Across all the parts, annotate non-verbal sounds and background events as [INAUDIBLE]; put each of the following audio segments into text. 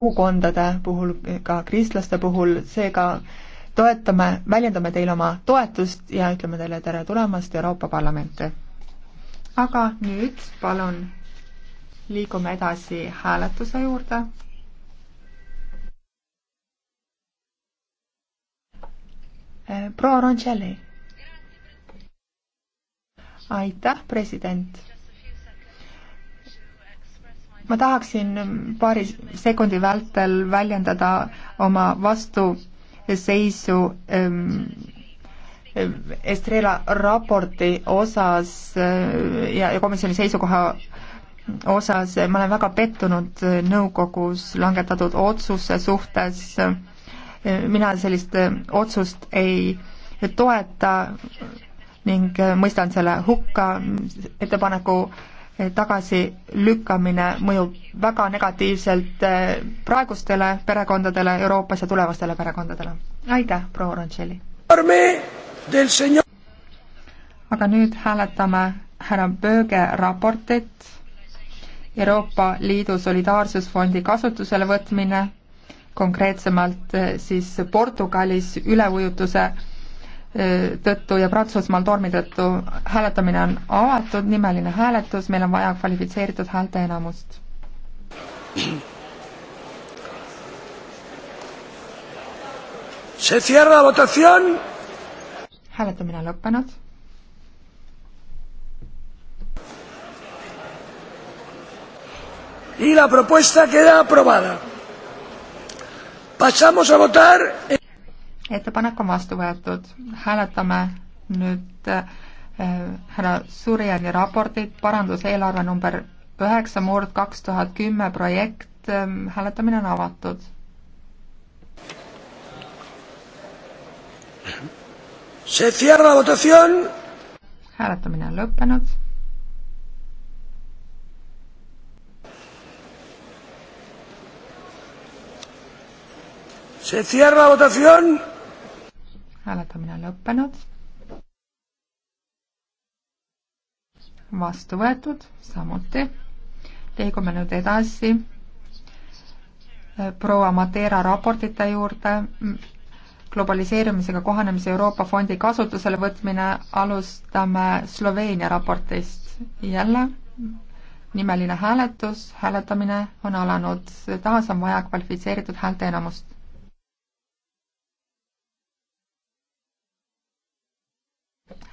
kogukondade puhul, ka kristlaste puhul, seega toetame, väljendame teile oma toetust ja ütleme teile tere tulemast Euroopa Parlamenti. aga nüüd palun liigume edasi hääletuse juurde. Eh, proua Roncelli. aitäh, president ma tahaksin paari sekundi vältel väljendada oma vastuseisu ähm, Estrela raporti osas äh, ja, ja komisjoni seisukoha osas ma olen väga pettunud äh, nõukogus langetatud otsuse suhtes. Äh, mina sellist otsust ei toeta ning mõistan selle hukka ettepaneku tagasilükkamine mõjub väga negatiivselt eh, praegustele perekondadele Euroopas ja tulevastele perekondadele. aitäh, proua Roncelli! aga nüüd hääletame härra Böge raportit Euroopa Liidu Solidaarsusfondi kasutusele võtmine, konkreetsemalt eh, siis Portugalis üleujutuse tõttu ja Prantsusmaal tormi tõttu hääletamine on avatud, nimeline hääletus, meil on vaja kvalifitseeritud häälteenamust. hääletamine on lõppenud. Y la propuesta queda aprobada. Pasamos a votar ettepanek on vastu võetud. hääletame nüüd äh, härra äh, Surjani raportit, paranduseelarve number üheksa murd kaks tuhat kümme projekt äh,, hääletamine on avatud. hääletamine on lõppenud Se cierra la votación hääletamine on lõppenud. vastu võetud, samuti. liigume nüüd edasi äh, proua Matera raportite juurde. globaliseerumisega kohanemise Euroopa Fondi kasutusele võtmine, alustame Sloveenia raportist jälle. nimeline hääletus, hääletamine on alanud, taas on vaja kvalifitseeritud häälteenamust.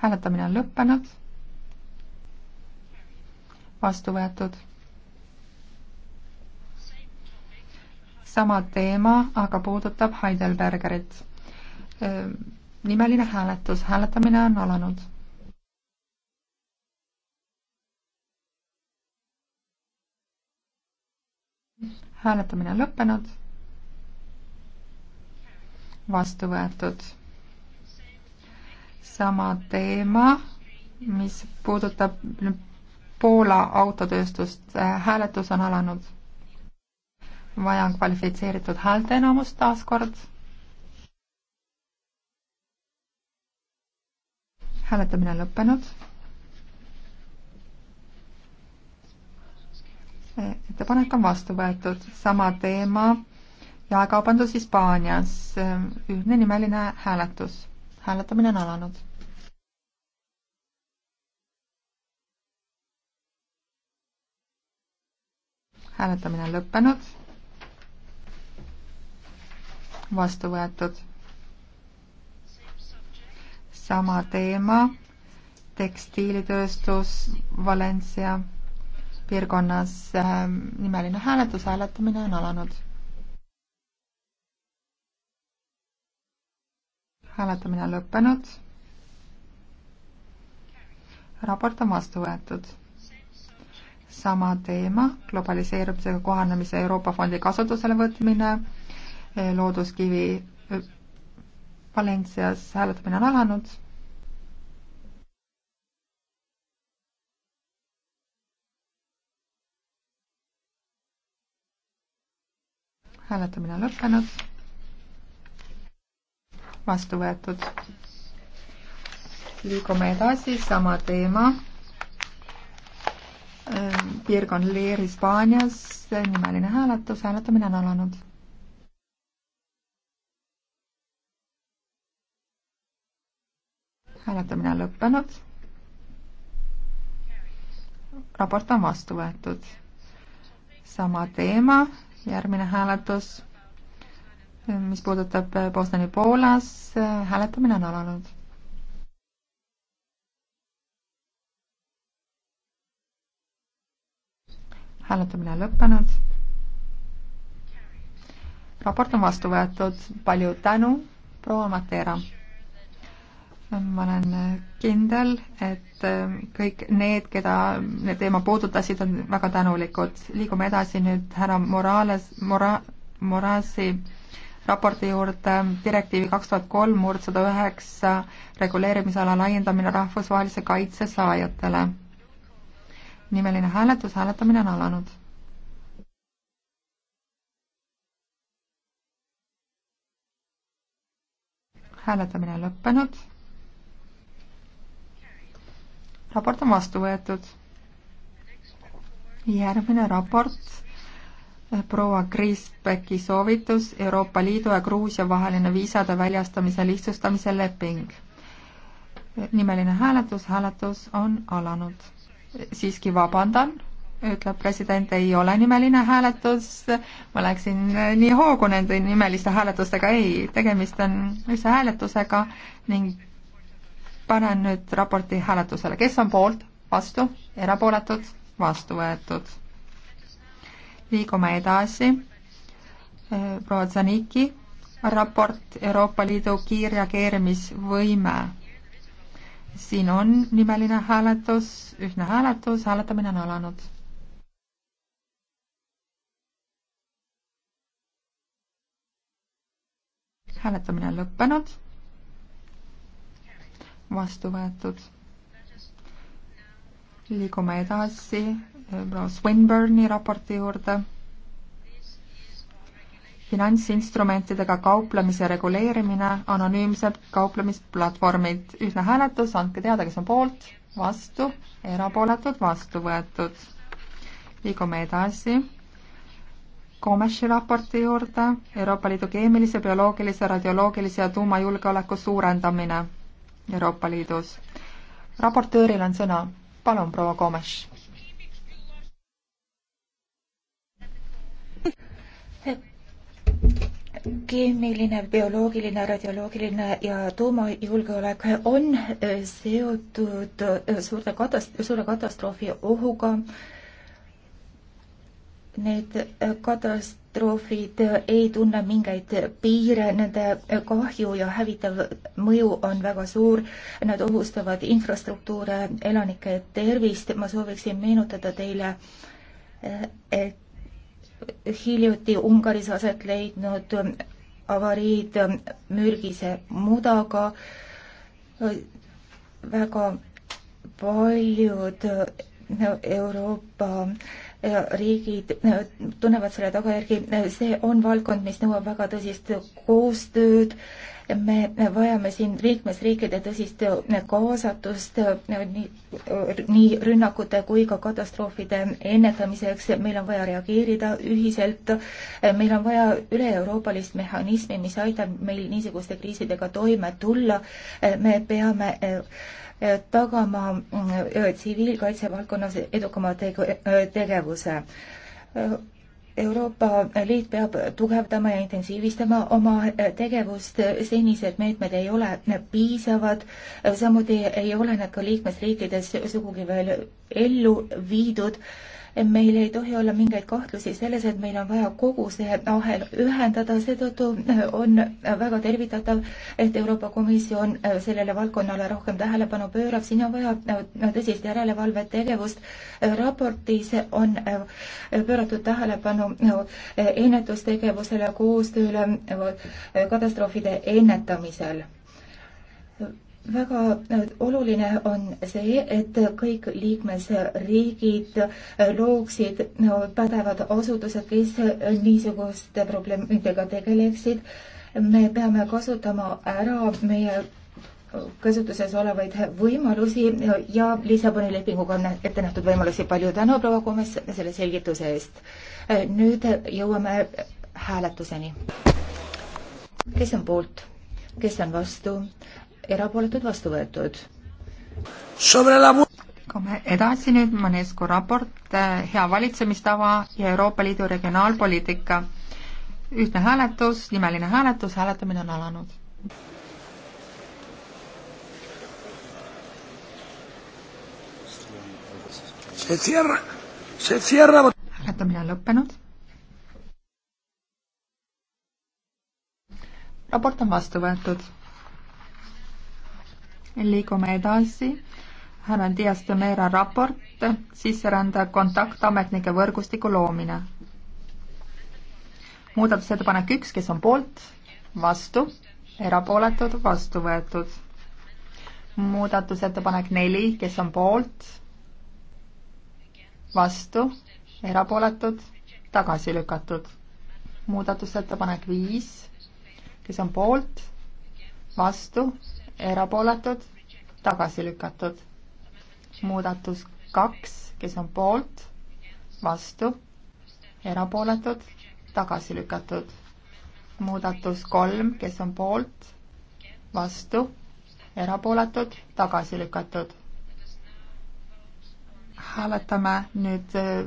hääletamine on lõppenud. vastu võetud. sama teema, aga puudutab Heidelbergerit. nimeline hääletus, hääletamine on alanud. hääletamine on lõppenud. vastu võetud sama teema, mis puudutab Poola autotööstust. hääletus on alanud. vaja on kvalifitseeritud häälteenamust taas kord. hääletamine lõppenud. ettepanek on vastu võetud. sama teema jaekaubandus Hispaanias, ühnenimeline hääletus hääletamine on alanud. hääletamine on lõppenud. vastu võetud. sama teema, tekstiilitööstus Valencia piirkonnas äh, nimeline hääletus, hääletamine on alanud hääletamine on lõppenud. raport on vastu võetud. sama teema, globaliseerumisega kohanemise Euroopa Fondi kasutusele võtmine, eh, looduskivi eh, Valencias hääletamine on alanud hääletamine on lõppenud vastu võetud. liigume edasi, sama teema. Ähm, piirkond Leer Hispaanias, nimeline hääletus, hääletamine on alanud. hääletamine on lõppenud. raport on vastu võetud. sama teema, järgmine hääletus mis puudutab äh, Bosnani Poolas, äh, hääletamine on alanud. hääletamine on lõppenud. raport on vastu võetud, palju tänu, proua Matera. ma olen äh, kindel, et kõik need, keda need teema puudutasid, on väga tänulikud. liigume edasi nüüd härra Morales, Mora-, Morasi raporti juurde direktiivi kaks tuhat kolm murd sada üheksa reguleerimisala laiendamine rahvusvahelise kaitse saajatele. nimeline hääletus, hääletamine on alanud. hääletamine on lõppenud. raport on vastu võetud. järgmine raport proua Kriisbecki soovitus Euroopa Liidu ja Gruusia vaheline viisade väljastamise lihtsustamise leping. nimeline hääletus, hääletus on alanud. siiski vabandan, ütleb president, ei ole nimeline hääletus, ma läksin nii hoogu nende nimeliste hääletustega, ei, tegemist on üldse hääletusega ning panen nüüd raporti hääletusele, kes on poolt, vastu, erapooletud, vastu võetud liigume edasi. proua Zaniki raport Euroopa Liidu kiirreageerimisvõime. siin on nimeline hääletus, ühtne hääletus, hääletamine on alanud hääletamine on lõppenud, vastu võetud. liigume edasi proua Swinburne'i raporti juurde finantsinstrumentidega kauplemise reguleerimine, anonüümsed kauplemisplatvormid, ühtne hääletus, andke teada, kes on poolt, vastu, erapooletud, vastu võetud. liigume edasi. Komeši raporti juurde Euroopa Liidu keemilise, bioloogilise, radioloogilise ja tuumajulgeoleku suurendamine Euroopa Liidus. raportööril on sõna, palun, proua Komeš keemiline, bioloogiline, radioloogiline ja tuumajulgeolek on äh, seotud äh, suurte katast-, suure katastroofi ohuga. Need äh, katastroofid ei tunne mingeid piire, nende kahju ja hävitav mõju on väga suur. Nad ohustavad infrastruktuure, elanike tervist. ma sooviksin meenutada teile, et hiljuti Ungaris aset leidnud avariid mürgise mudaga. väga paljud Euroopa riigid äh, tunnevad selle tagajärgi, see on valdkond, mis nõuab väga tõsist koostööd. me vajame siin liikmesriikide tõsist kaasatust äh, nii, äh, nii rünnakute kui ka katastroofide ennetamiseks. meil on vaja reageerida ühiselt. meil on vaja üle-euroopalist mehhanismi, mis aitab meil niisuguste kriisidega toime tulla. me peame tagama äh, tsiviilkaitse valdkonnas edukama äh, tegevuse. Euroopa Liit peab tugevdama ja intensiivistama oma äh, tegevust, senised meetmed ei ole piisavad, samuti ei ole nad ka liikmesriikides sugugi veel ellu viidud meil ei tohi olla mingeid kahtlusi selles, et meil on vaja kogu see ahel ühendada, seetõttu äh, on äh, väga tervitatav, et Euroopa Komisjon äh, sellele valdkonnale rohkem tähelepanu pöörab, siin on vaja tõsist järelevalvetegevust. raportis on pööratud tähelepanu ennetustegevusele, koostööle katastroofide ennetamisel väga äh, oluline on see, et kõik liikmesriigid äh, looksid no, pädevad asutused, kes äh, niisuguste probleemidega tegeleksid. me peame kasutama ära meie käsutuses olevaid võimalusi ja Lissaboni lepinguga on ette nähtud võimalusi. palju tänu, proua Kumes, selle selgituse eest. nüüd jõuame hääletuseni. kes on poolt, kes on vastu, erapooletud vastu võetud. Komme edasi nüüd Manescu raport äh, Hea valitsemistava ja Euroopa Liidu regionaalpoliitika. ühtne hääletus, nimeline hääletus, hääletamine on alanud. hääletamine on lõppenud raport on vastu võetud liigume edasi. härra Dias de Meera raport, sisserände kontaktametnike võrgustiku loomine. muudatusettepanek üks, kes on poolt, vastu, erapooletud, vastu võetud. muudatusettepanek neli, kes on poolt, vastu, erapooletud, tagasi lükatud. muudatusettepanek viis, kes on poolt, vastu, erapooletud, tagasi lükatud. muudatus kaks, kes on poolt, vastu, erapooletud, tagasi lükatud. muudatus kolm, kes on poolt, vastu, erapooletud, tagasi lükatud. hääletame nüüd äh,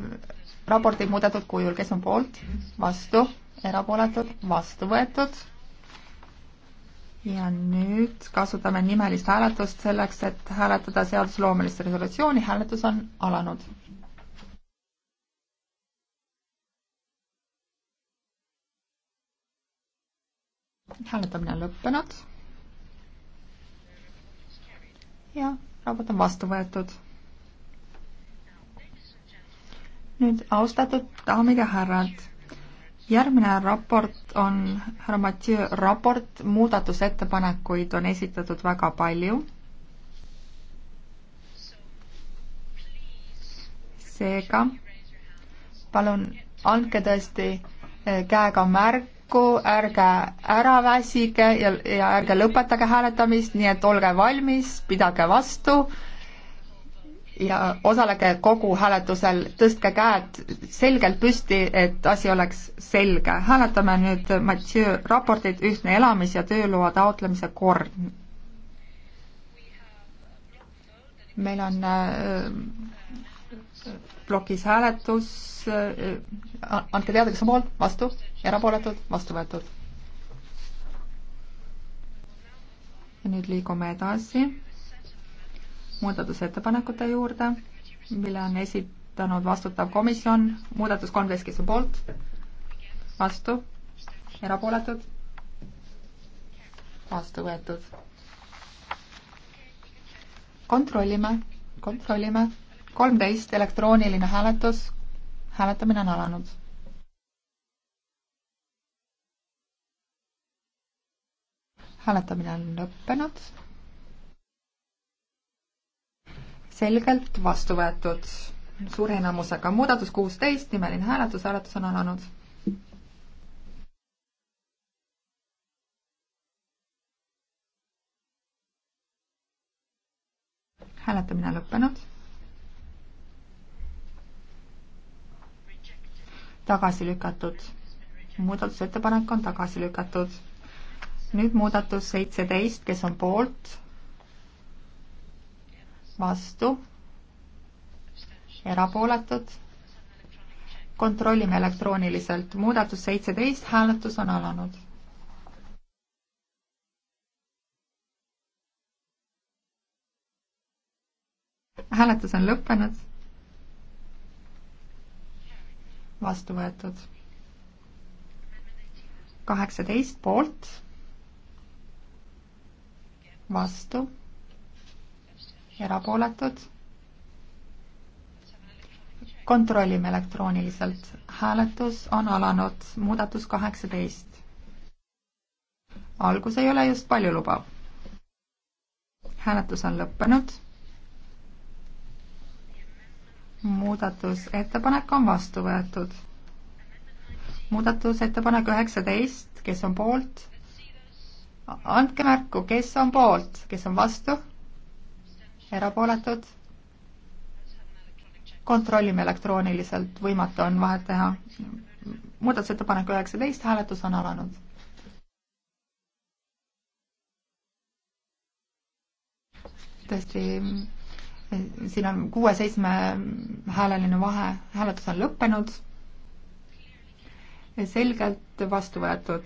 raporti muudetud kujul, kes on poolt, vastu, erapooletud, vastu võetud ja nüüd kasutame nimelist hääletust selleks, et hääletada seadusloomelist resolutsiooni, hääletus on alanud. hääletamine on lõppenud. ja raport on vastu võetud. nüüd austatud daamid ja härrad järgmine raport on härra Mathieu raport, muudatusettepanekuid on esitatud väga palju. seega palun andke tõesti eh, käega märku, ärge ära väsige ja, ja ärge lõpetage hääletamist, nii et olge valmis, pidage vastu ja osalege kogu hääletusel, tõstke käed selgelt püsti, et asi oleks selge. hääletame nüüd Mathieu raportit Ühtne elamis- ja tööloa taotlemise kord. meil on äh, plokis hääletus äh,, andke teada, kes on poolt, vastu, erapooletud, vastu võetud. ja nüüd liigume edasi muudatusettepanekute juurde, mille on esitanud vastutav komisjon, muudatus kolmteist, kes on poolt, vastu, erapooletud, vastu võetud. kontrollime, kontrollime, kolmteist, elektrooniline hääletus, hääletamine on alanud hääletamine on lõppenud. selgelt vastu võetud suure enamusega. muudatus kuusteist, nimeline hääletus, hääletus on alanud. hääletamine lõppenud. tagasi lükatud. muudatusettepanek on tagasi lükatud. nüüd muudatus seitseteist, kes on poolt vastu, erapooletud. kontrollime elektrooniliselt, muudatus seitseteist, hääletus on alanud. hääletus on lõppenud. vastu võetud. kaheksateist poolt, vastu erapooletud. kontrollime elektrooniliselt. hääletus on alanud, muudatus kaheksateist. algus ei ole just paljulubav. hääletus on lõppenud. muudatusettepanek on vastu võetud. muudatusettepanek üheksateist, kes on poolt? andke märku, kes on poolt, kes on vastu erapooletud. kontrollime elektrooniliselt, võimatu on vahet teha. muudatusettepanek üheksateist, hääletus on alanud. tõesti, siin on kuue-seitsme hääleline vahe, hääletus on lõppenud. selgelt vastu võetud.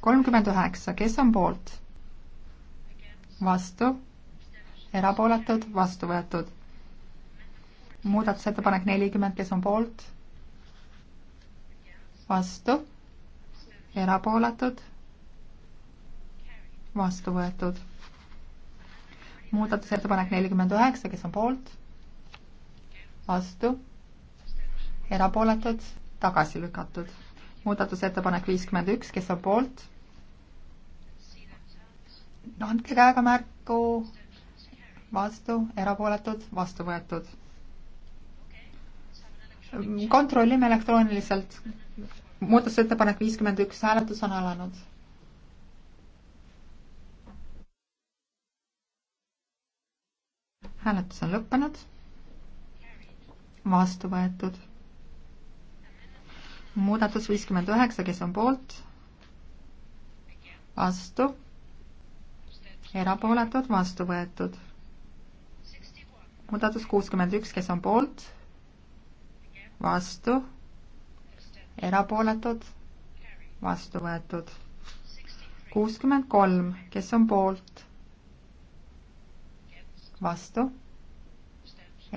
kolmkümmend üheksa, kes on poolt? vastu erapooletud, vastu võetud. muudatusettepanek nelikümmend, kes on poolt? vastu, erapooletud, vastu võetud. muudatusettepanek nelikümmend üheksa, kes on poolt? vastu, erapooletud, tagasi lükatud. muudatusettepanek viiskümmend üks, kes on poolt? no andke käega märku vastu, erapooletud, vastu võetud. kontrollime elektrooniliselt. muudatusettepanek viiskümmend üks, hääletus on alanud. hääletus on lõppenud. vastu võetud. muudatus viiskümmend üheksa, kes on poolt? vastu erapooletud vastu võetud muudatus kuuskümmend üks, kes on poolt, vastu, erapooletud, vastu võetud. kuuskümmend kolm, kes on poolt, vastu,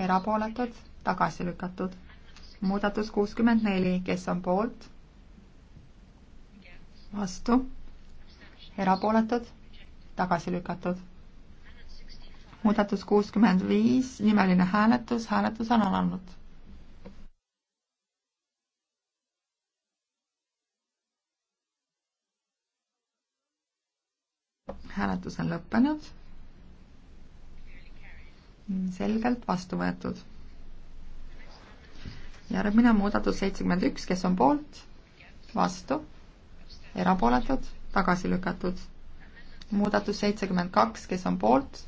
erapooletud, tagasi lükatud. muudatus kuuskümmend neli, kes on poolt, vastu, erapooletud, tagasi lükatud muudatus kuuskümmend viis, nimeline hääletus, hääletus on alanud. hääletus on lõppenud. selgelt vastu võetud. järgmine muudatus seitsekümmend üks, kes on poolt, vastu, erapooletud, tagasi lükatud. muudatus seitsekümmend kaks, kes on poolt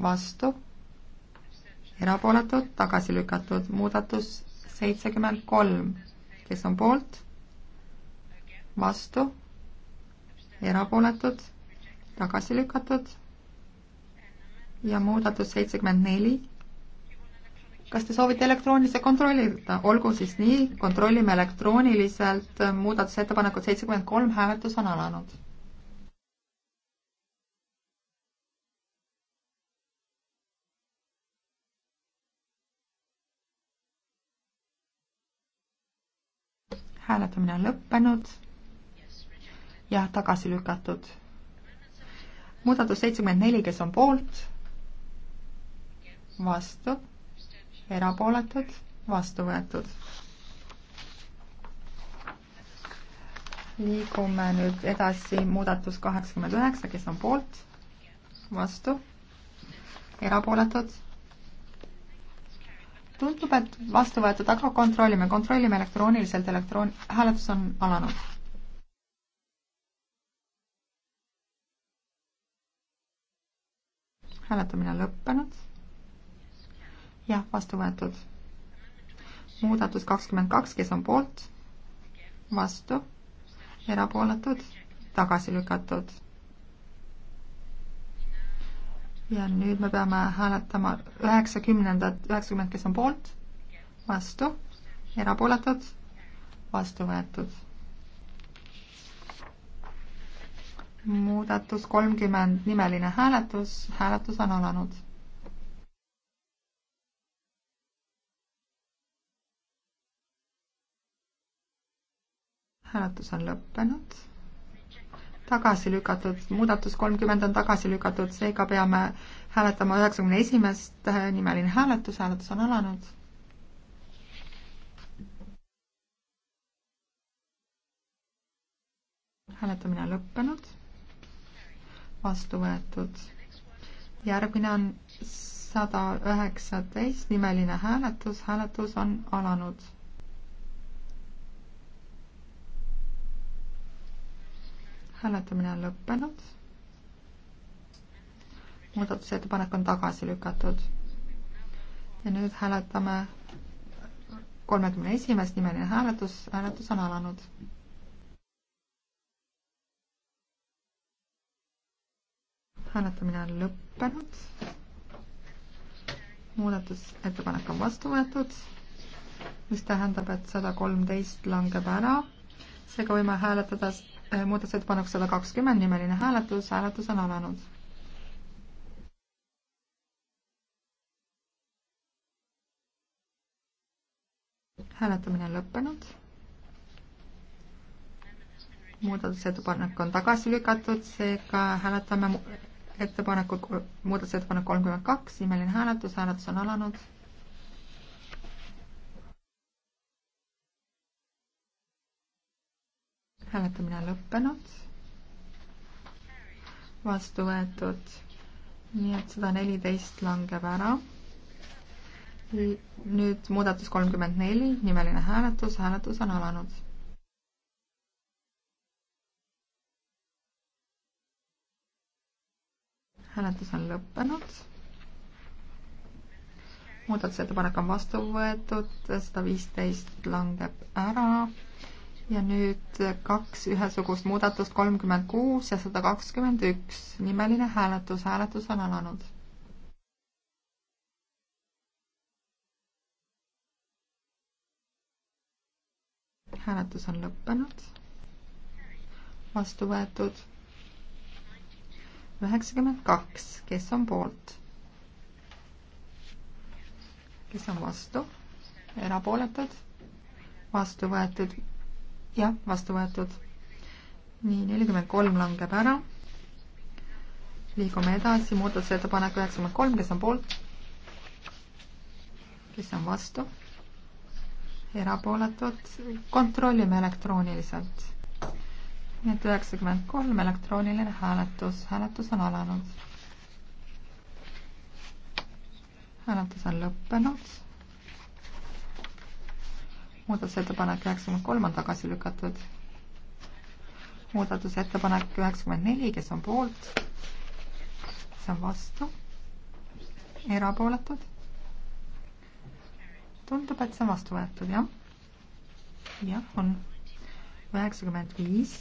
vastu, erapooletud, tagasi lükatud, muudatus seitsekümmend kolm, kes on poolt, vastu, erapooletud, tagasi lükatud ja muudatus seitsekümmend neli. kas te soovite elektroonilise kontrollida, olgu siis nii, kontrollime elektrooniliselt muudatusettepanekut seitsekümmend kolm, hääletus on alanud hääletamine on lõppenud ja tagasi lükatud. muudatus seitsekümmend neli, kes on poolt, vastu, erapooletud, vastu võetud. liigume nüüd edasi, muudatus kaheksakümmend üheksa, kes on poolt, vastu, erapooletud tundub, et vastu võetud, aga kontrollime, kontrollime elektrooniliselt, elektroon, hääletus on alanud. hääletamine lõppenud. jah, vastu võetud. muudatus kakskümmend kaks, kes on poolt, vastu, erapooletud, tagasi lükatud ja nüüd me peame hääletama üheksakümnendat, üheksakümmend, kes on poolt, vastu, erapooletud, vastu võetud. muudatus kolmkümmend, nimeline hääletus, hääletus on alanud. hääletus on lõppenud tagasi lükatud, muudatus kolmkümmend on tagasi lükatud, seega peame hääletama üheksakümne esimest, eh, nimeline hääletus, hääletus on alanud. hääletamine lõppenud, vastu võetud. järgmine on sada üheksateist, nimeline hääletus, hääletus on alanud hääletamine on lõppenud. muudatusettepanek on tagasi lükatud. ja nüüd hääletame kolmekümne esimest nimeline hääletus, hääletus on alanud. hääletamine on lõppenud. muudatusettepanek on vastu võetud, mis tähendab, et sada kolmteist langeb ära seega võime hääletada Äh, muudatusettepanek sada kakskümmend, nimeline hääletus, hääletus on alanud. hääletamine on lõppenud. muudatusettepanek on tagasi lükatud, seega hääletame ettepanekut, muudatusettepanek kolmkümmend kaks, nimeline hääletus, hääletus on alanud hääletamine on lõppenud, vastu võetud, nii et sada neliteist langeb ära. nüüd muudatus kolmkümmend neli, nimeline hääletus, hääletus on alanud. hääletus on lõppenud muudatusettepanek on vastu võetud, sada viisteist langeb ära, ja nüüd kaks ühesugust muudatust, kolmkümmend kuus ja sada kakskümmend üks. nimeline hääletus, hääletus on alanud. hääletus on lõppenud. vastu võetud üheksakümmend kaks, kes on poolt? kes on vastu? erapooletud? vastu võetud jah, vastu võetud. nii, nelikümmend kolm langeb ära. liigume edasi, muudatusettepanek üheksakümmend kolm, kes on poolt? kes on vastu? erapooletud, kontrollime elektrooniliselt. nii et üheksakümmend kolm elektrooniline hääletus, hääletus on alanud. hääletus on lõppenud muudatusettepanek üheksakümmend kolm on tagasi lükatud. muudatusettepanek üheksakümmend neli, kes on poolt, kes on vastu, erapooletud. tundub, et see on vastu võetud, jah. jah, on üheksakümmend viis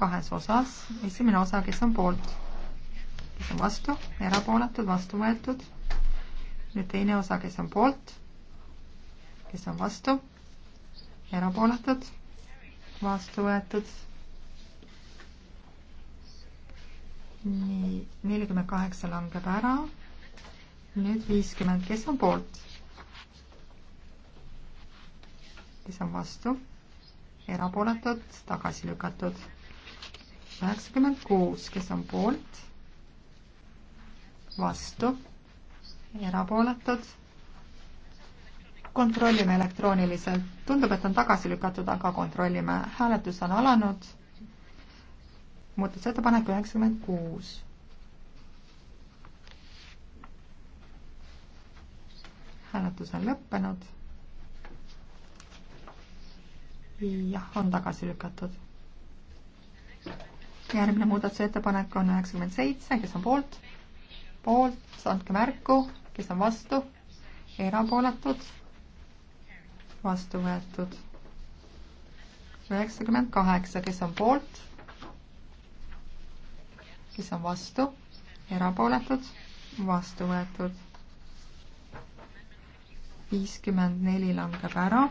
kahes osas, esimene osa, kes on poolt, kes on vastu, erapooletud, vastu võetud. nüüd teine osa, kes on poolt kes on vastu, erapooletud, vastu võetud. nii, nelikümmend kaheksa langeb ära. nüüd viiskümmend, kes on poolt? kes on vastu, erapooletud, tagasi lükatud. üheksakümmend kuus, kes on poolt, vastu, erapooletud kontrollime elektrooniliselt. tundub, et on tagasi lükatud, aga kontrollime. hääletus on alanud. muudatusettepanek üheksakümmend kuus. hääletus on lõppenud. jah, on tagasi lükatud. järgmine muudatusettepanek on üheksakümmend seitse, kes on poolt? poolt, andke märku, kes on vastu? erapooletud vastu võetud. üheksakümmend kaheksa, kes on poolt, kes on vastu, erapooletud, vastu võetud. viiskümmend neli langeb ära.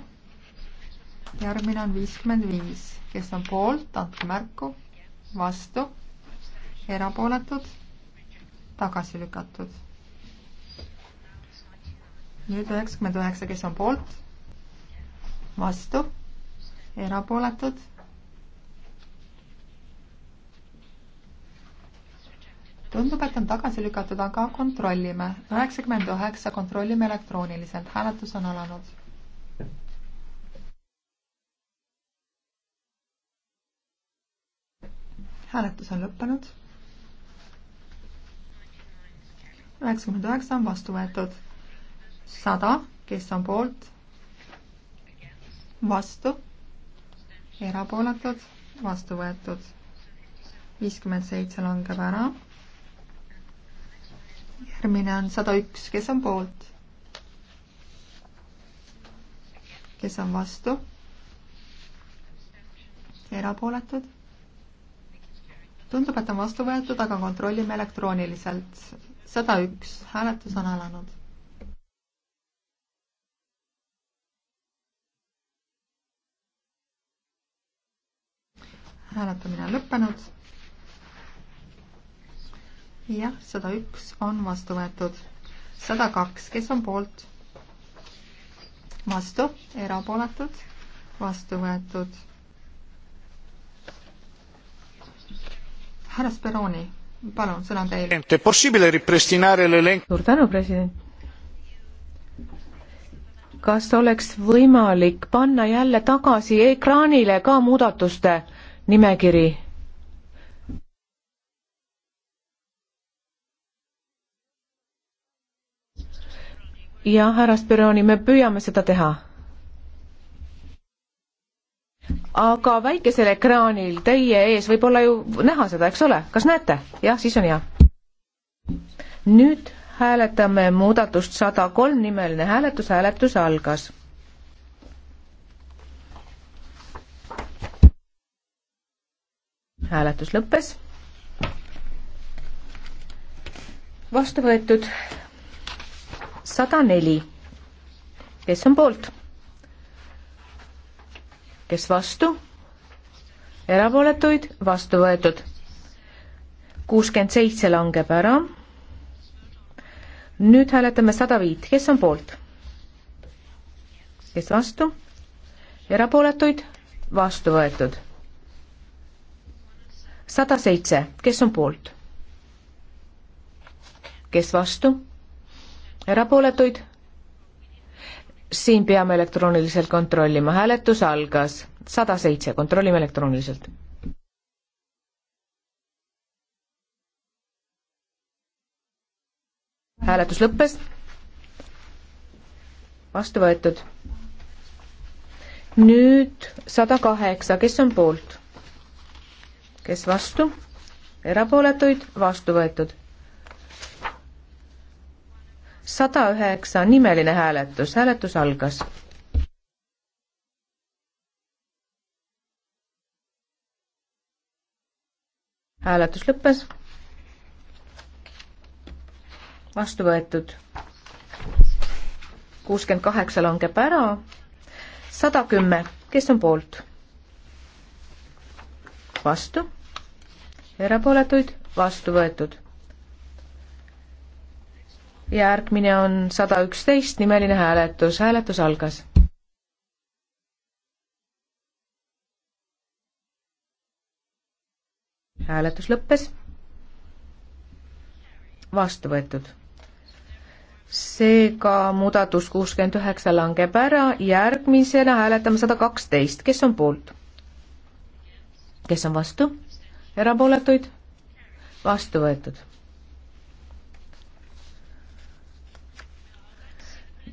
järgmine on viiskümmend viis, kes on poolt, andke märku, vastu, erapooletud, tagasi lükatud. nüüd üheksakümmend üheksa, kes on poolt vastu, erapooletud. tundub, et on tagasi lükatud, aga kontrollime. üheksakümmend üheksa, kontrollime elektrooniliselt, hääletus on alanud. hääletus on lõppenud. üheksakümmend üheksa on vastu võetud. sada, kes on poolt vastu, erapooletud, vastu võetud. viiskümmend seitse langeb ära. järgmine on sada üks, kes on poolt? kes on vastu? erapooletud? tundub, et on vastu võetud, aga kontrollime elektrooniliselt. sada üks, hääletus on alanud. hääletamine on lõppenud. jah, sada üks on vastu võetud. sada kaks, kes on poolt? vastu, erapooletud, vastu võetud. härra Speroni, palun, sõna on teil. suur tänu, president kas oleks võimalik panna jälle tagasi ekraanile ka muudatuste nimekiri jah, härra Spironi, me püüame seda teha. aga väikesel ekraanil teie ees võib olla ju näha seda, eks ole, kas näete? jah, siis on hea. nüüd hääletame muudatust sada kolm nimeline hääletus, hääletus algas hääletus lõppes. vastu võetud sada neli. kes on poolt? kes vastu? erapooletuid vastu võetud. kuuskümmend seitse langeb ära. nüüd hääletame sada viit, kes on poolt? kes vastu? erapooletuid vastu võetud sada seitse, kes on poolt? kes vastu? erapooletuid? siin peame elektrooniliselt kontrollima, hääletus algas, sada seitse, kontrollime elektrooniliselt. hääletus lõppes. vastu võetud. nüüd sada kaheksa, kes on poolt? kes vastu, erapooletuid vastu võetud. sada üheksa nimeline hääletus, hääletus algas. hääletus lõppes. vastu võetud. kuuskümmend kaheksa langeb ära. sada kümme, kes on poolt? vastu erapooletuid, vastu võetud. järgmine on sada üksteist nimeline hääletus, hääletus algas. hääletus lõppes. vastu võetud seega muudatus kuuskümmend üheksa langeb ära, järgmisena hääletame sada kaksteist, kes on poolt? kes on vastu? erapooletuid, vastu võetud.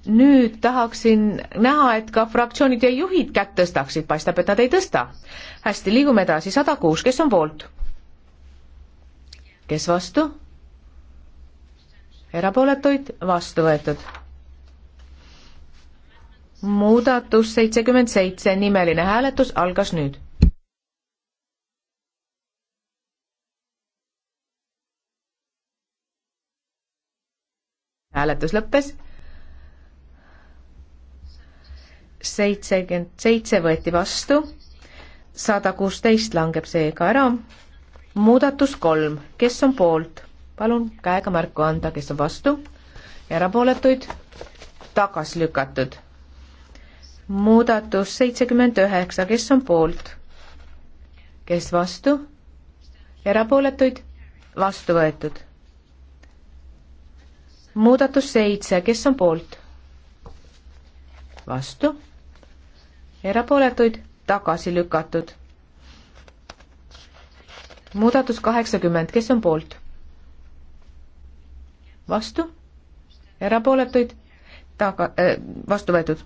nüüd tahaksin näha, et ka fraktsioonide juhid kätt tõstaksid, paistab, et nad ei tõsta. hästi, liigume edasi, sada kuus, kes on poolt? kes vastu? erapooletuid, vastu võetud muudatus seitsekümmend seitse, nimeline hääletus algas nüüd. hääletus lõppes. seitsekümmend seitse võeti vastu, sada kuusteist langeb seega ära. muudatus kolm, kes on poolt, palun käega märku anda, kes on vastu, erapooletuid, tagasi lükatud. muudatus seitsekümmend üheksa, kes on poolt, kes vastu, erapooletuid, vastu võetud muudatus seitse, kes on poolt? vastu. erapooletuid tagasi lükatud. muudatus kaheksakümmend, kes on poolt? vastu. erapooletuid taga äh,, vastu võetud.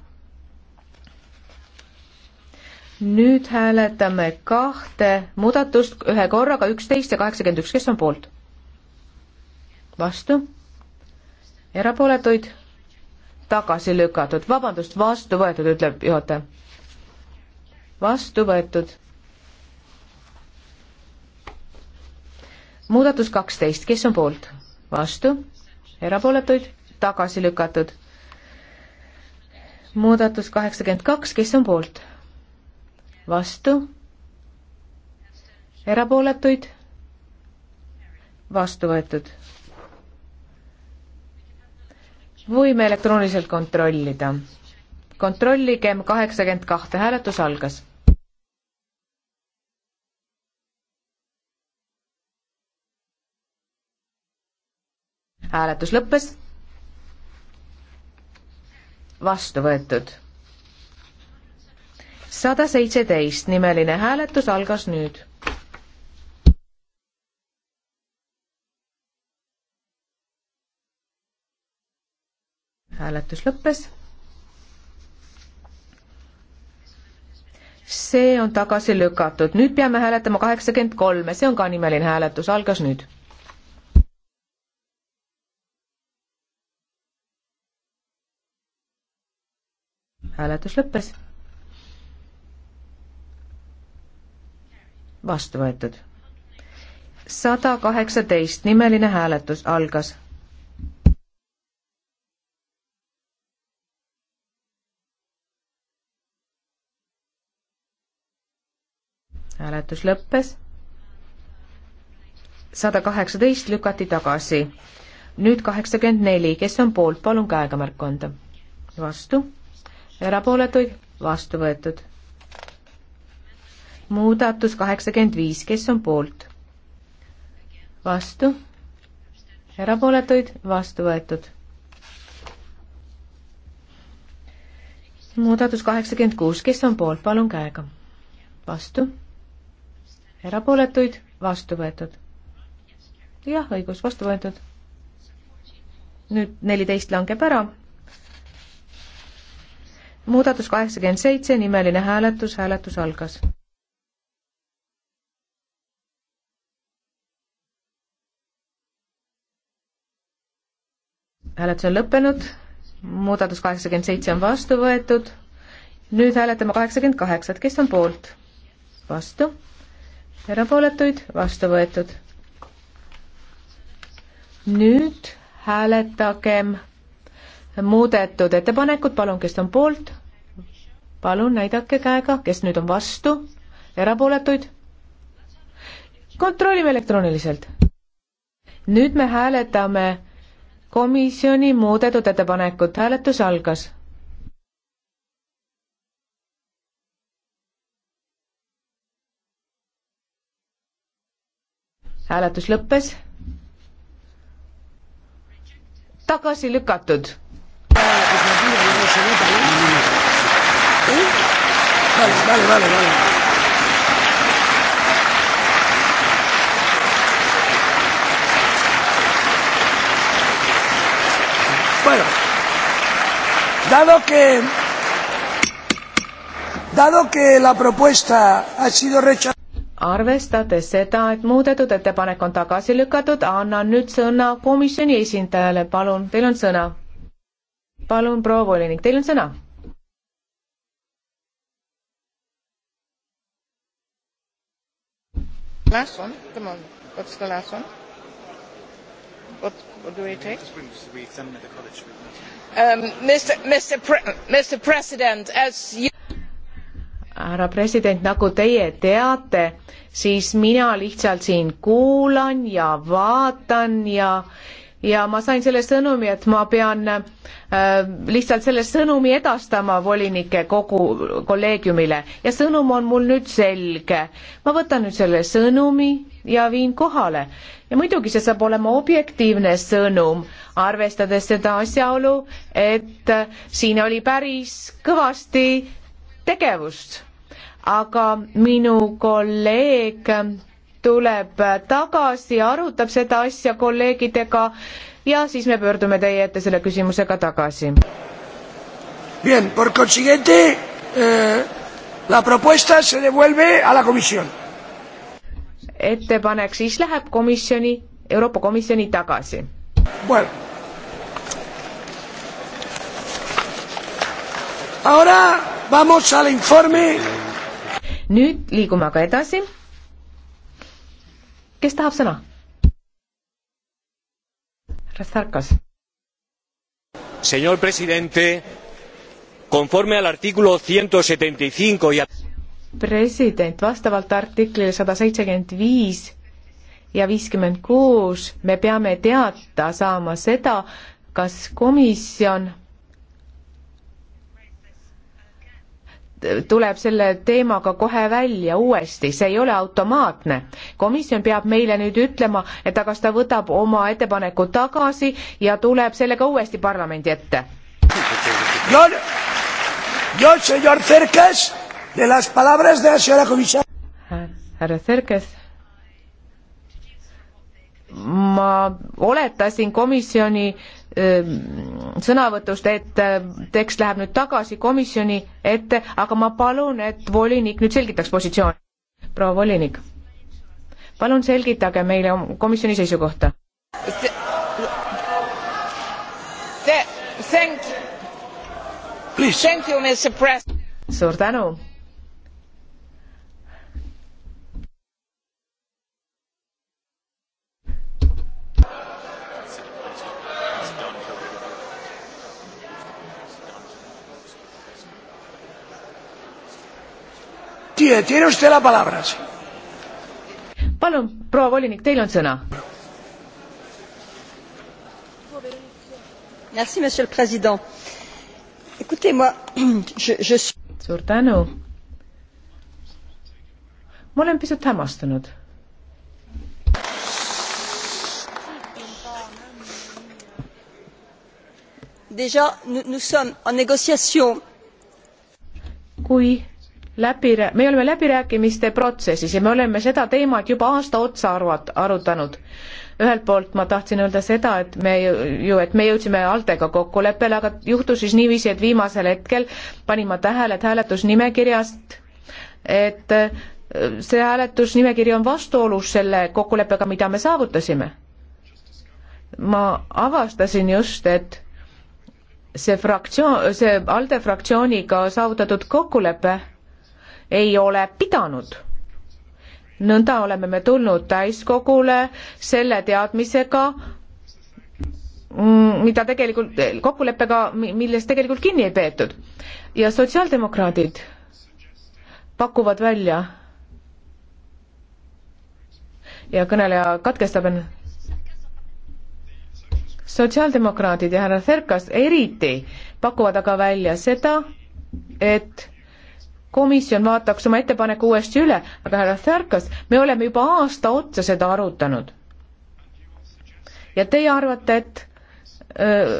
nüüd hääletame kahte muudatust ühe korraga, üksteist ja kaheksakümmend üks, kes on poolt? vastu erapooletuid, tagasi lükatud, vabandust, vastu võetud, ütleb juhataja. vastu võetud. muudatus kaksteist, kes on poolt? vastu, erapooletuid, tagasi lükatud. muudatus kaheksakümmend kaks, kes on poolt? vastu, erapooletuid, vastu võetud võime elektrooniliselt kontrollida. kontrolligem kaheksakümmend kahte, hääletus algas. hääletus lõppes. vastu võetud. sada seitseteist nimeline hääletus algas nüüd hääletus lõppes. see on tagasi lükatud, nüüd peame hääletama kaheksakümmend kolme, see on ka nimeline hääletus, algas nüüd. hääletus lõppes. vastu võetud. sada kaheksateist, nimeline hääletus algas hääletus lõppes. sada kaheksateist lükati tagasi. nüüd kaheksakümmend neli, kes on poolt, palun käega märku anda. vastu, erapooletuid, vastu võetud. muudatus kaheksakümmend viis, kes on poolt? vastu, erapooletuid, vastu võetud muudatus kaheksakümmend kuus, kes on poolt, palun käega. vastu erapooletuid, vastu võetud. jah, õigus, vastu võetud. nüüd neliteist langeb ära. muudatus kaheksakümmend seitse, nimeline hääletus, hääletus algas. hääletus on lõppenud, muudatus kaheksakümmend seitse on vastu võetud, nüüd hääletame kaheksakümmend kaheksat, kes on poolt? vastu erapooletuid, vastu võetud. nüüd hääletagem muudetud ettepanekut, palun, kes on poolt, palun näidake käega, kes nüüd on vastu, erapooletuid. kontrollime elektrooniliselt. nüüd me hääletame komisjoni muudetud ettepanekut, hääletus algas hääletus lõppes. tagasi lükatud. Vale, vale, vale, vale. Bueno, dado que, dado que la propuesta ha sido rechazada arvestades seda, et muudetud ettepanek on tagasi lükatud, annan nüüd sõna komisjoni esindajale, palun, teil on sõna. palun, proua volinik, teil on sõna. Last one, come on, what's the last one? What, what do we take? We examine the college. Um, Mr. Mr. Pre- Mr. President, as you härra president, nagu teie teate, siis mina lihtsalt siin kuulan ja vaatan ja ja ma sain selle sõnumi, et ma pean äh, lihtsalt selle sõnumi edastama volinike kogu kolleegiumile ja sõnum on mul nüüd selge. ma võtan nüüd selle sõnumi ja viin kohale ja muidugi see saab olema objektiivne sõnum, arvestades seda asjaolu, et äh, siin oli päris kõvasti tegevust aga minu kolleeg tuleb tagasi, arutab seda asja kolleegidega ja siis me pöördume teie ette selle küsimusega tagasi. Bien, por consiguiente eh, la propuesta se devuelve a la comisión. ettepanek siis läheb komisjoni, Euroopa Komisjoni tagasi bueno. Ahora vamos al informe nüüd liigume aga edasi. kes tahab sõna? Rastarkas. Señor presidente, conforme al artículo ciento setenta y cinco ja president, vastavalt artiklile sada seitsekümmend viis ja viiskümmend kuus me peame teada saama seda, kas komisjon tuleb selle teemaga kohe välja uuesti, see ei ole automaatne. komisjon peab meile nüüd ütlema, et kas ta võtab oma ettepaneku tagasi ja tuleb sellega uuesti parlamendi ette. härra Serkes, ma oletasin komisjoni äh, Ähm, sõnavõtust, et äh, tekst läheb nüüd tagasi komisjoni ette, aga ma palun, et volinik nüüd selgitaks positsiooni. proua volinik, palun selgitage meile komisjoni seisukohta. suur tänu tiene usted la palabra. palun, proua volinik, teil on sõna. Merci, monsieur le président. Écoutez, moi, [CLEARS THROAT] je, je suis... suur tänu. ma olen pisut hämmastunud. Déjà, nous, nous sommes en négociation. kui läbi, me oleme läbirääkimiste protsessis ja me oleme seda teemat juba aasta otsa arvat-, arutanud. ühelt poolt ma tahtsin öelda seda, et me ju, et me jõudsime Altega kokkuleppele, aga juhtus siis niiviisi, et viimasel hetkel panin ma tähele, et hääletusnimekirjast, et äh, see hääletusnimekiri on vastuolus selle kokkuleppega, mida me saavutasime. ma avastasin just, et see fraktsioon, see ALDE fraktsiooniga saavutatud kokkulepe ei ole pidanud nõnda oleme me tulnud täiskogule selle teadmisega, mm, mida tegelikult, kokkuleppega, millest tegelikult kinni ei peetud. ja sotsiaaldemokraadid pakuvad välja ja kõneleja katkestab end. sotsiaaldemokraadid ja härra Serkas eriti pakuvad aga välja seda, et komisjon vaataks oma ettepaneku uuesti üle, aga härra Färkas, me oleme juba aasta otsa seda arutanud. ja teie arvate, et öö,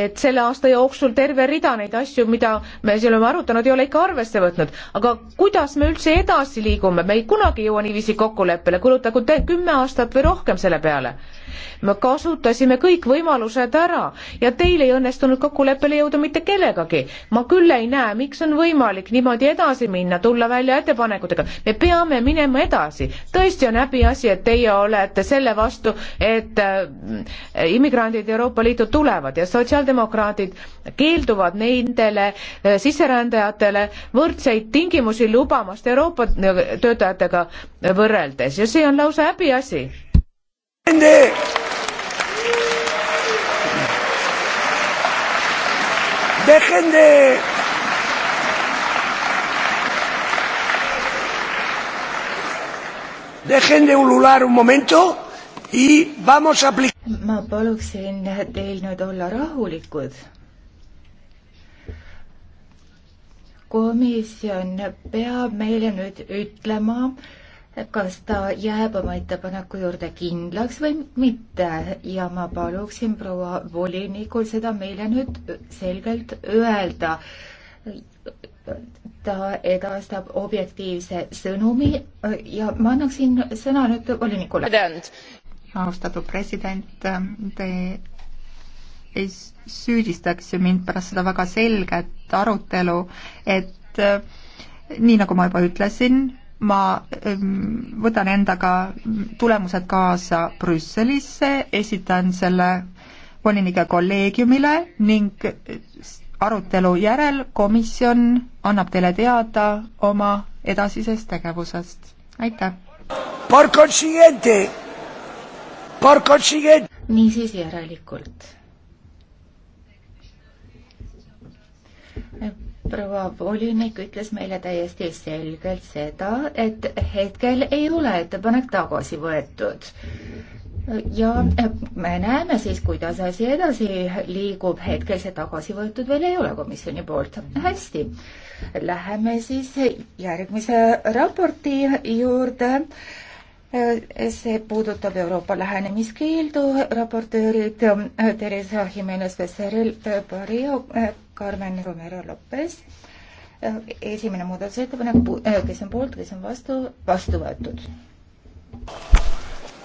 et selle aasta jooksul terve rida neid asju, mida me siin oleme arutanud, ei ole ikka arvesse võtnud. aga kuidas me üldse edasi liigume, me ei kunagi jõua niiviisi kokkuleppele, kulutagu te kümme aastat või rohkem selle peale me kasutasime kõik võimalused ära ja teil ei õnnestunud kokkuleppele jõuda mitte kellegagi. ma küll ei näe, miks on võimalik niimoodi edasi minna, tulla välja ettepanekutega. me peame minema edasi. tõesti on häbiasi, et teie olete selle vastu, et äh, immigrandid Euroopa Liitu tulevad ja sotsiaaldemokraadid keelduvad nendele äh, sisserändajatele võrdseid tingimusi lubamast Euroopa äh, töötajatega võrreldes ja see on lausa häbiasi Ende! Dejen de... Dejen de ulular un momento y vamos a aplicar... ma paluksin teil nüüd olla rahulikud. komisjon peab meile nüüd ütlema, kas ta jääb oma ettepaneku juurde kindlaks või mitte ja ma paluksin proua volinikul seda meile nüüd selgelt öelda. ta edastab objektiivse sõnumi ja ma annaksin sõna nüüd volinikule. austatud president, te ei süüdistaks ju mind pärast seda väga selget arutelu, et eh, nii nagu ma juba ütlesin, ma ehm, võtan endaga tulemused kaasa Brüsselisse, esitan selle volinike kolleegiumile ning eh, arutelu järel komisjon annab teile teada oma edasisest tegevusest. aitäh! niisiis järelikult proua volinik ütles meile täiesti selgelt seda, et hetkel ei ole ettepanek tagasi võetud. ja me näeme siis, kuidas asi edasi liigub, hetkel see tagasi võetud veel ei ole komisjoni poolt. hästi, läheme siis järgmise raporti juurde Äh, see puudutab Euroopa lähenemiskeeldu, raportöörid äh, Teresa Jimenez Becerril, äh, Barrio, Carmen Romero Lopez. esimene muudatusettepanek, kes on poolt, kes on vastu, vastu võetud.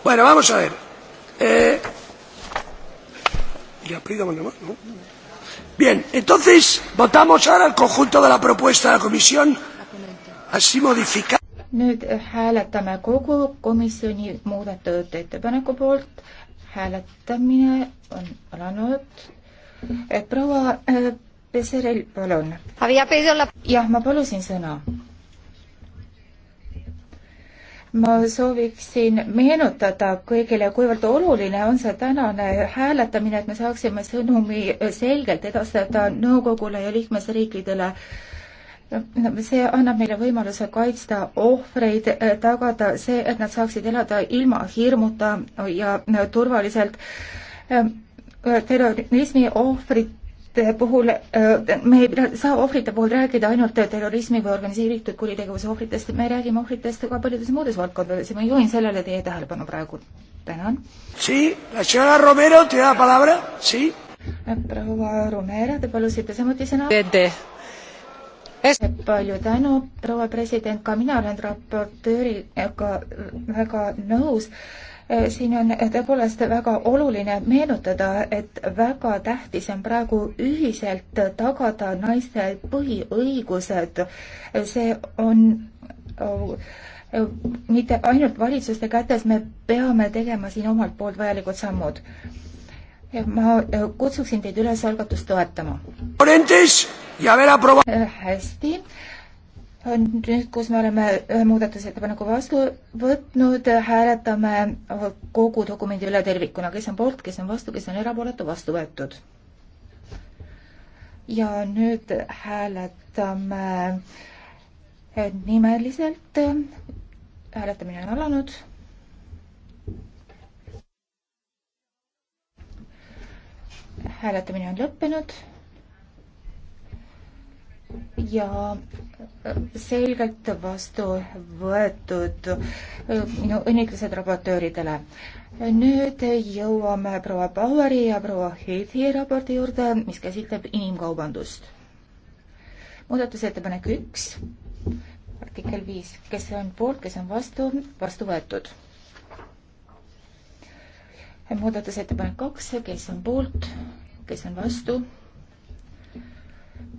Bueno, vamos a ver. Eh, y aprieto con la mano. Bien, entonces votamos ahora el conjunto de la propuesta de la Comisión así modificada nüüd hääletame kogu komisjoni muudetud ettepaneku poolt. hääletamine on alanud. Eh, proua eh, Peseril, palun. jah, ma palusin sõna ma sooviksin meenutada kõigile, kuivõrd oluline on see tänane hääletamine, et me saaksime sõnumi selgelt edastada nõukogule ja liikmesriikidele äh, see annab meile võimaluse kaitsta ohvreid, eh, tagada see, et nad saaksid elada ilma hirmuta ja eh, turvaliselt. Ehm, eh, terrorismi ohvrite puhul, me ei saa ohvrite puhul rääkida ainult terrorismi või organiseeritud kuritegevuse ohvritest, me räägime ohvritest ka paljudes muudes valdkondades ja ma juhin sellele teie tähelepanu praegu. tänan. proua Romero, te palusite samuti sõna? palju tänu, proua president, ka mina olen raportööriga väga nõus. Äh, siin on äh, tõepoolest väga oluline meenutada, et väga tähtis on praegu ühiselt tagada naiste põhiõigused. see on äh, mitte ainult valitsuste kätes, me peame tegema siin omalt poolt vajalikud sammud ma äh, kutsuksin teid üles algatust toetama. Äh, hästi, nüüd, kus me oleme ühe muudatusettepaneku vastu võtnud, äh, hääletame kogu dokumendi üle tervikuna, kes on poolt, kes on vastu, kes on erapooletu, vastu võetud. ja nüüd hääletame nimeliselt, hääletamine on alanud hääletamine on lõppenud ja äh, selgelt vastu võetud äh, minu õnnitlused raportööridele. nüüd jõuame proua Baueri ja proua Heithi raporti juurde, mis käsitleb inimkaubandust. muudatusettepanek üks, artikkel viis, kes on poolt, kes on vastu, vastu võetud. muudatusettepanek kaks, kes on poolt, kes on vastu?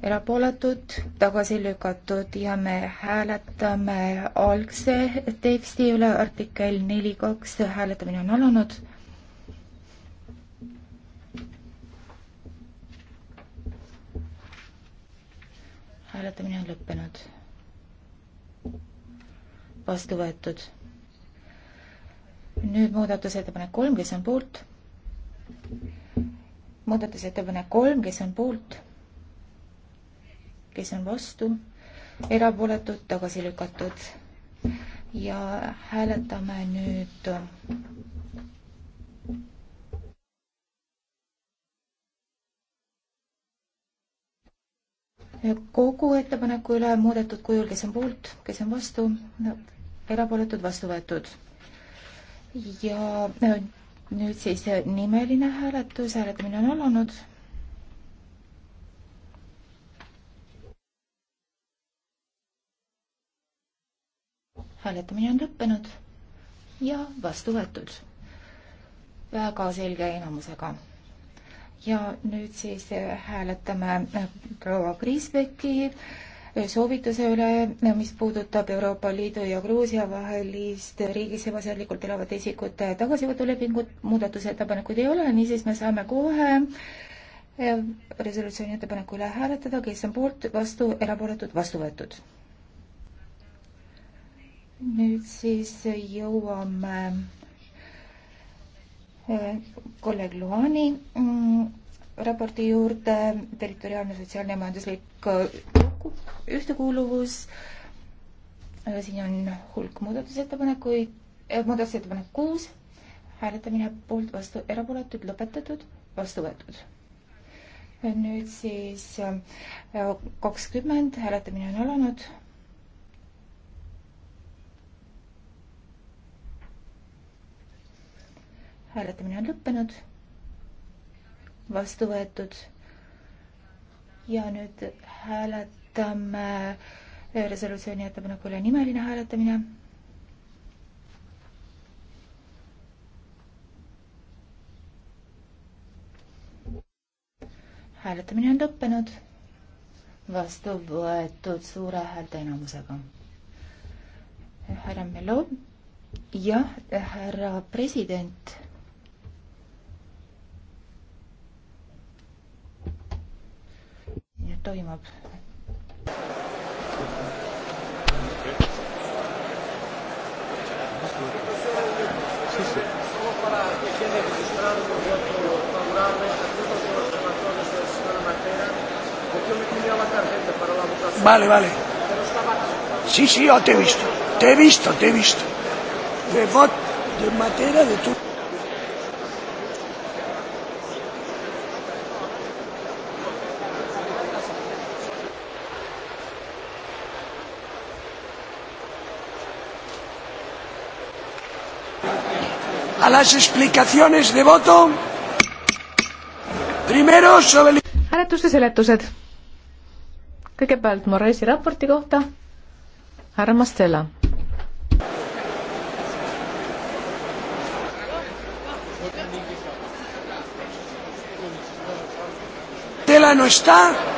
erapooletud, tagasi lükatud ja me hääletame algse teksti üle, artikkel neli kaks, hääletamine on alanud. hääletamine on lõppenud. vastu võetud. nüüd muudatusettepanek kolm, kes on poolt? muudatusettepanek kolm, kes on poolt, kes on vastu, erapooletud, tagasi lükatud. ja hääletame nüüd kogu ettepaneku üle muudetud kujul, kes on poolt, kes on vastu, erapooletud, vastu võetud. ja nüüd siis äh, nimeline hääletus, hääletamine on alanud. hääletamine on lõppenud ja vastu võetud väga selge enamusega. ja nüüd siis äh, hääletame äh, proua Kriisbeki äh, soovituse üle, mis puudutab Euroopa Liidu ja Gruusia vahelist riigis ebaseaduslikult elavate isikute tagasivõtulepingut, muudatusettepanekuid ei ole, niisiis me saame kohe eh, resolutsiooni ettepaneku üle hääletada, kes on poolt, vastu, erapooletud, vastu võetud. nüüd siis jõuame eh, kolleeg Luani mm, raporti juurde territoriaalne sotsiaalne ja majanduslik ühtekuuluvus. siin on hulk muudatusettepanekuid, äh, muudatusettepanek kuus, hääletamine poolt, vastu, erapooletud, lõpetatud, vastu võetud. nüüd siis äh, kakskümmend, hääletamine on alanud hääletamine on lõppenud, vastu võetud ja nüüd hääled hääletame äh, resolutsiooni ettepanekule nimeline hääletamine. hääletamine on lõppenud, vastu võetud suure häälteenamusega. härra Melo, jah, härra president toimub Sí, sí. Solo para que quede registrado mi voto favorable al grupo de los relatores de la señora Matera, porque yo me tenía la tarjeta para la votación. Vale, vale. Pero estaba aquí. Sí, sí, yo te he visto. Te he visto, te he visto. De voto de Matera, de tu. las explicaciones de voto. Primero sobre... hääletuste seletused. kõigepealt Moresi raporti kohta. härra Mastella. Tela no está